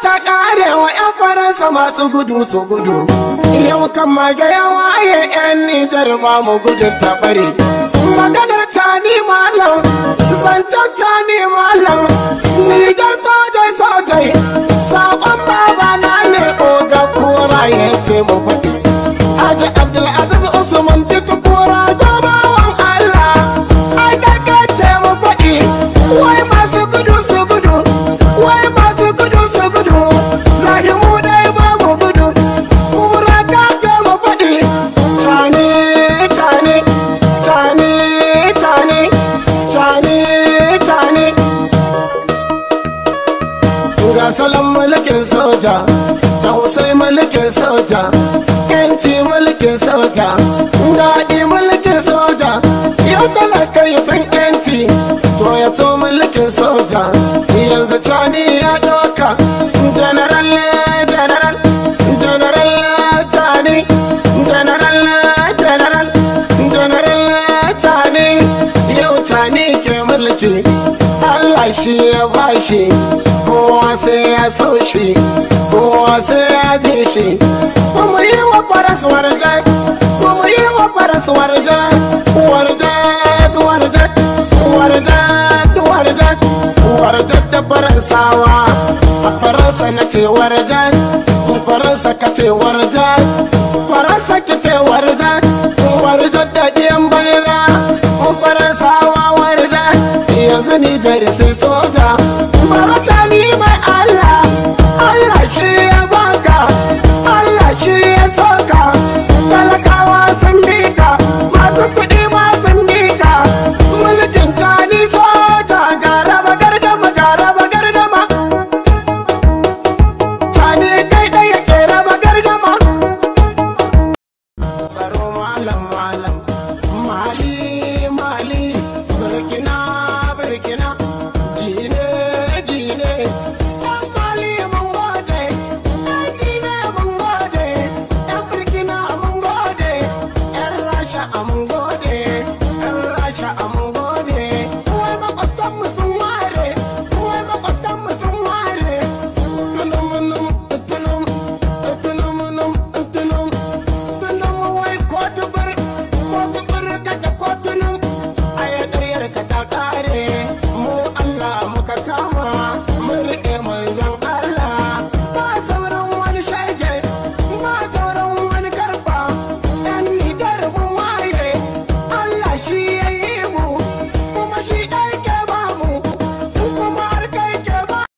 ta kare wa 'yan faransa masu gudu su gudu yau kan mage yawa ya 'yan nijar ba mu gudun tabari maganar ta ni malam zancen ta ni malam nijar sojai sojai sakon baba na ne oga kura ya ce mu faɗi ga salon mulkin soja usai mulkin soja kenci mulkin soja daɗi mulkin soja yau talaka ya san yanci to ya so mulkin soja yanzu cani ya shi ya bashi kowa sai ya so shi kowa sai ya bi shi ba mu yi wa faras warja ba mu yi wa faras warja warja warja warja warja warja da faransawa a faransa na ce warja faransa ka ce warja faransa su nijar sai soja mata ni mai Allah Allah shi I'm